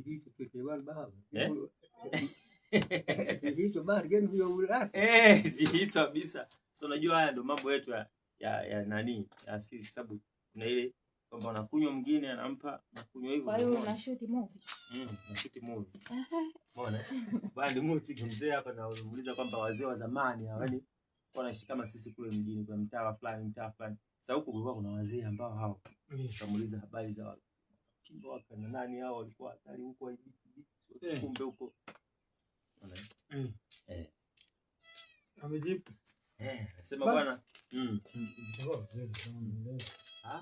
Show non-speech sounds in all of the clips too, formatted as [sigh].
zihicho eh? [laughs] eh, yaani eh, kabisa. Sasa unajua haya ndio mambo yetu ya, ya, ya nani ya asili, sababu kuna ile kwamba unakunywa mwingine anampa nakunywa hivyo. Kwa hiyo movie. Mm, movie. Mbona? Bali mzee hapa na kwamba wazee wa zamani yaani kama sisi kule mjini kwa mtaa fulani mtaa fulani. Sasa huko kulikuwa kuna wazee ambao hao. Mm. habari za Simba wakana nani hao walikuwa hatari huko eh. kumbe huko eh, eh, eh sema bwana mm. Mm, mm, ah,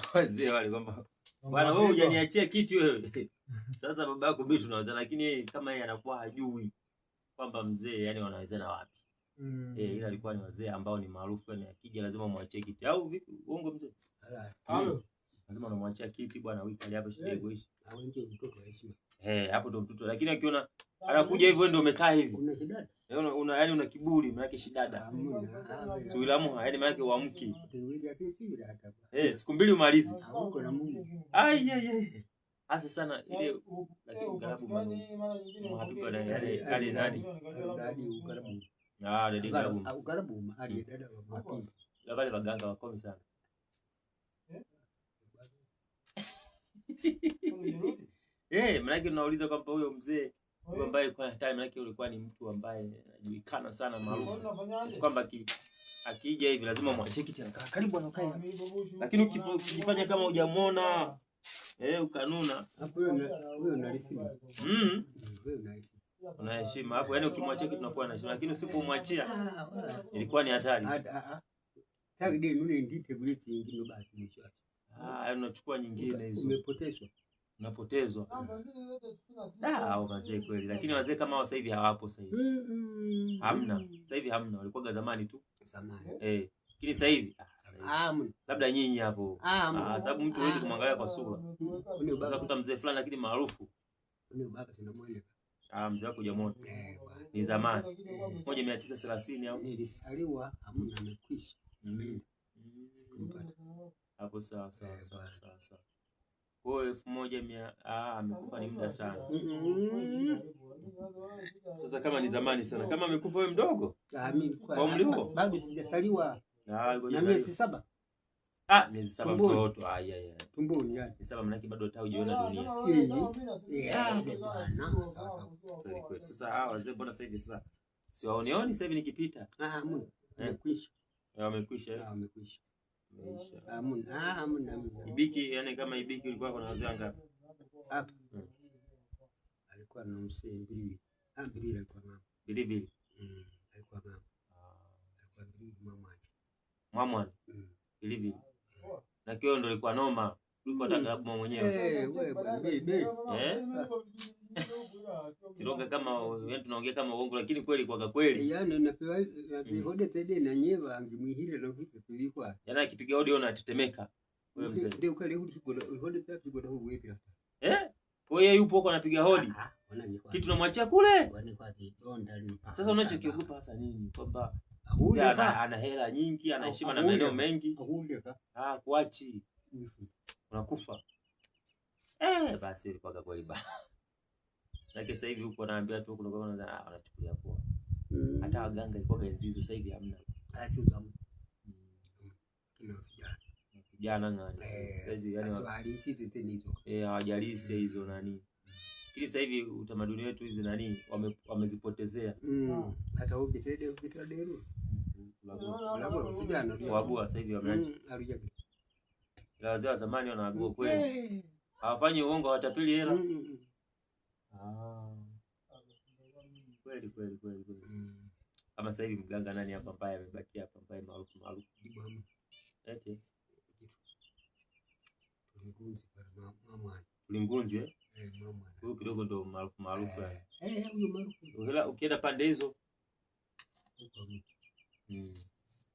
kwa [laughs] bwana, wewe hujaniachia kitu wewe. [laughs] Sasa baba yako mimi tunaweza, lakini kama yeye anakuwa hajui kwamba mzee, yani wanaweza na wapi Mm. Eh, ila alikuwa ni wazee ambao ni maarufu, yani akija lazima muachie kiti. Au vipi? Uongo mzee. Halo. Lazima unamwachia kiti bwana, wiki hali hapa shida eh, iko ishi. Au ndio mtoto heshima. Eh, hapo ndo mtoto lakini akiona anakuja hivyo ndio umekaa hivi. Una shida. Eh, una, una yani una kiburi maana yake shidada. Si ulamu yani maana yake uamki. Eh, siku mbili umalize. Huko na Mungu. Ai ye ye. Asa sana ile eh, lakini ukarabu manu. Hapi kwa yale yale nani? Ukarabu. Ah, ali ah, ah, wa mapi. baganga sana. Eh, [laughs] eh manake unauliza kwamba huyo mzee huyo eh? ambaye alikuwa hatari, manake ulikuwa ni mtu ambaye anajulikana sana maarufu. Si kwamba akija hivi lazima mwacheki tena karibu anakaa. Ah, Lakini ukifanya kama hujamwona eh, ukanuna. Hapo huyo huyo Mm na heshima hapo, yani ukimwachia kitu tunakuwa na heshima, lakini usipomwachia ah, ah. ilikuwa ni hatari. Ah, ah. Yaani unachukua nyingine hizo, umepotezwa, unapotezwa au wazee kweli. Lakini wazee kama sasa hivi hawapo, sasa hivi hamna, sasa hivi hamna, walikuwa zamani tu zamani. eh lakini sasa hivi labda nyinyi hapo, sababu mtu hawezi kumwangalia kwa sura. unaweza kukuta mzee fulani lakini maarufu Ah, mzee wako Jomoto. Eh, ni zamani. Moja mia tisa thelathini au? Nilisaliwa hamna amekwisha. Nimeenda. Sikumpata. Hapo sawa sawa eh, sawa sawa sawa. Kwa elfu moja mia ah, amekufa ni muda sana. Sasa kama ni zamani sana. Kama amekufa wewe mdogo? Ah, mimi nilikuwa bado sijasaliwa. Ah, alikuwa na miezi saba. Ah, miezi saba mtoto. Ah, yeah, yeah. Tumboni yani. Sasa manake bado hata hujaona dunia. Sasa hawa wazee mbona sasa hivi sasa siwaonioni sasa hivi nikipita. Ah, mimi. Eh? Eh, eh? ah, wamekwisha. Wamekwisha. Wamekwisha. Ah, ah, Ibiki yani kama Ibiki ulikuwa kuna wazee wangapi? Hapa. Hmm. Alikuwa na msee mbili. Ah, mbili alikuwa mama. Mbili mbili. Hmm, alikuwa mama. Alikuwa mbili mama. Mama. Mbili hmm. mbili na kio ndo ilikuwa noma kuliko hata hmm. klabu mwenyewe eh, eh? Siroga kama wewe tunaongea kama uongo lakini kweli kwa kweli. Eh, yaani napewa eh, hmm. hodi tede na nyeva angimwihile lo vipi tulikwa. Yaani akipiga hodi ona atetemeka. Wewe mzee. Ndio kale hodi kwa hodi tatu kwa hodi vipi hapa. Eh? Kwa hiyo yupo huko anapiga hodi. Ah, ah, kitu namwachia kule. Sasa unachokiogopa hasa nini? Kwamba Mzee ana, ana hela nyingi, ana heshima na maeneo mengi. Ah, kuachi. Unakufa. Eh, basi ulipaka kwa iba. Lakini [laughs] sasa hivi huko anaambia tu kuna kama ah, anachukulia poa. Mm. Hata waganga ilikuwa genzi hizo sasa hivi hamna. Ah, utamu. Mm. Kina vijana. Vijana ngani. Eh, sasa yani waswahilisi tete hizo. Eh, hawajalisi mm. hizo nani. Lakini sasa hivi utamaduni wetu hizi nani wamezipotezea. Hata huko kitede Wabua sasa hivi wameacha. Mm, wazee wa zamani wanaagua kweli, hawafanyi uongo, hawatapeli hela mm, mm, ah. kweli kweli kweli kweli. Kama sasa hivi mganga nani hapa ambaye amebakia hapa ambaye maarufu maarufu eti Kulingunzi eh, eh huyo kidogo ndo maarufu maarufu. Eh. Eh, ukienda pande hizo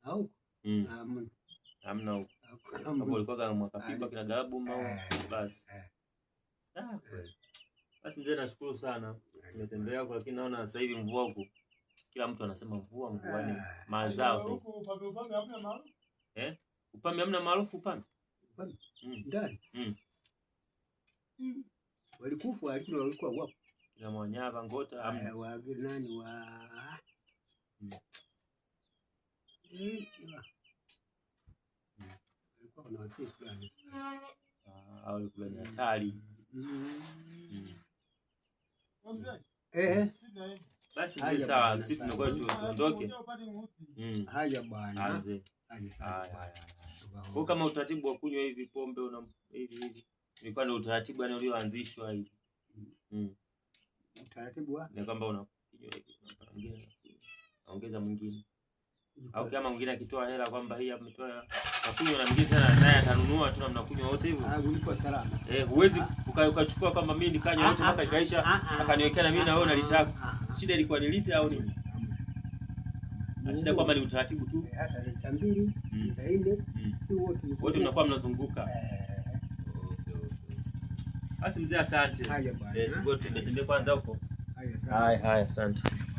au mm. hamna huko hapo, ulikuwa kama mwakapikwa ah, kina galabu mbao. Eh, basi eh, eh. Ah, basi, mzee, nashukuru sana nimetembea kwa, lakini naona sasa hivi mvua huko, kila mtu anasema mvua mvua, ni ah. mazao sasa. Eh, upame hamna maarufu upame mm. ndani mm. walikufa, lakini walikuwa wapo na Mwanyava Ngota nani wa ni hatari. Basi ni sawa, sisi tunakuwa tuondoke. Mm. Haya bwana. Ah. Kwa kama utaratibu wa kunywa hivi pombe una hivi hivi. na utaratibu yani ulioanzishwa hivi. Mm. Utaratibu wa? Ni kwamba unakunywa hivi, unaongeza mwingine au kama mwingine akitoa hela kwamba hii ametoa hela nakunywa na mwingine tena naye atanunua tu na mnakunywa wote hivyo. Ah, ulipo salama. Eh, huwezi ah. ukachukua kwamba mimi nikanywa yote ah, mpaka ah, ikaisha akaniwekea na mimi na wewe nalitaka. Shida ilikuwa ni lita au nini? Shida kwamba ni utaratibu tu. Eh, hata lita mbili, mm. lita nne, mm. si wote. Wote mnakuwa mnazunguka. Eh. Basi mzee, asante. Haya bwana. Eh, sibote tumetembea kwanza huko. Haya, asante. Haya, haya, asante.